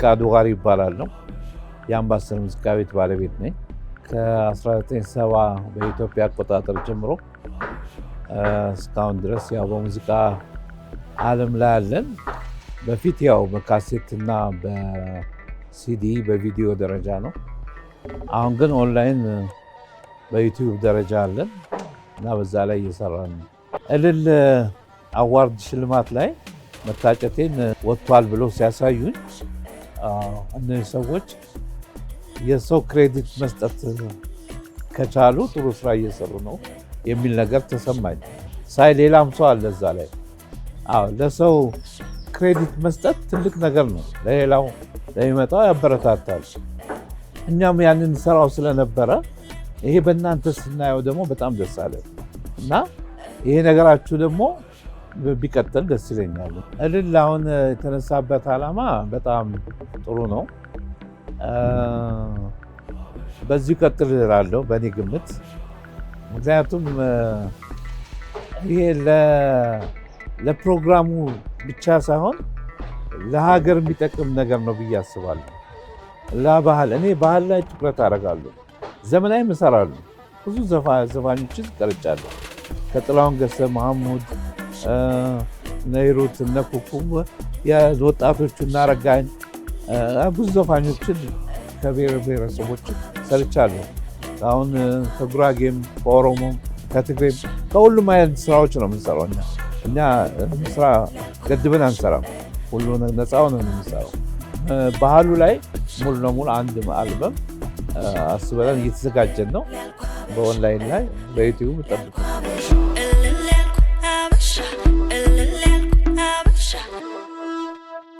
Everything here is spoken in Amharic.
ፍቃዱ ጋር ይባላል ነው የአምባሰል ሙዚቃ ቤት ባለቤት ነኝ። ከ1970 በኢትዮጵያ አቆጣጠር ጀምሮ እስካሁን ድረስ ያው በሙዚቃ ዓለም ላይ አለን። በፊት ያው በካሴትና በሲዲ በቪዲዮ ደረጃ ነው። አሁን ግን ኦንላይን በዩቲዩብ ደረጃ አለን እና በዛ ላይ እየሰራን ነው። እልል አዋርድ ሽልማት ላይ መታጨቴን ወጥቷል ብሎ ሲያሳዩኝ እነዚህ ሰዎች የሰው ክሬዲት መስጠት ከቻሉ ጥሩ ስራ እየሰሩ ነው የሚል ነገር ተሰማኝ። ሳይ ሌላም ሰው አለ እዛ ላይ። ለሰው ክሬዲት መስጠት ትልቅ ነገር ነው። ለሌላው ለሚመጣው ያበረታታል። እኛም ያንን ስራው ስለነበረ ይሄ በእናንተ ስናየው ደግሞ በጣም ደስ አለ እና ይሄ ነገራችሁ ደግሞ ቢቀጥል ደስ ይለኛል። እልል አሁን የተነሳበት ዓላማ በጣም ጥሩ ነው። በዚሁ ቀጥል እላለሁ በእኔ ግምት። ምክንያቱም ይሄ ለፕሮግራሙ ብቻ ሳይሆን ለሀገር የሚጠቅም ነገር ነው ብዬ አስባለሁ። ለባህል እኔ ባህል ላይ ትኩረት አደርጋለሁ። ዘመናዊ እሰራለሁ። ብዙ ዘፋኞችን ቀርጫለሁ ከጥላሁን ገሰ መሐሙድ ነይሩት እነ ኩኩም የወጣቶቹ እና ረጋኝ ብዙ ዘፋኞችን ከብሔር ብሔረሰቦች ሰርቻለሁ። አሁን ከጉራጌም ከኦሮሞም ከትግሬም ከሁሉም አይነት ስራዎች ነው የምንሰራው። እኛ እኛ ስራ ገድብን አንሰራም፣ ሁሉ ነፃ ሆነ የምንሰራው። ባህሉ ላይ ሙሉ ለሙሉ አንድ አልበም አስበለን እየተዘጋጀን ነው። በኦንላይን ላይ በዩቲዩብ ጠብቁ።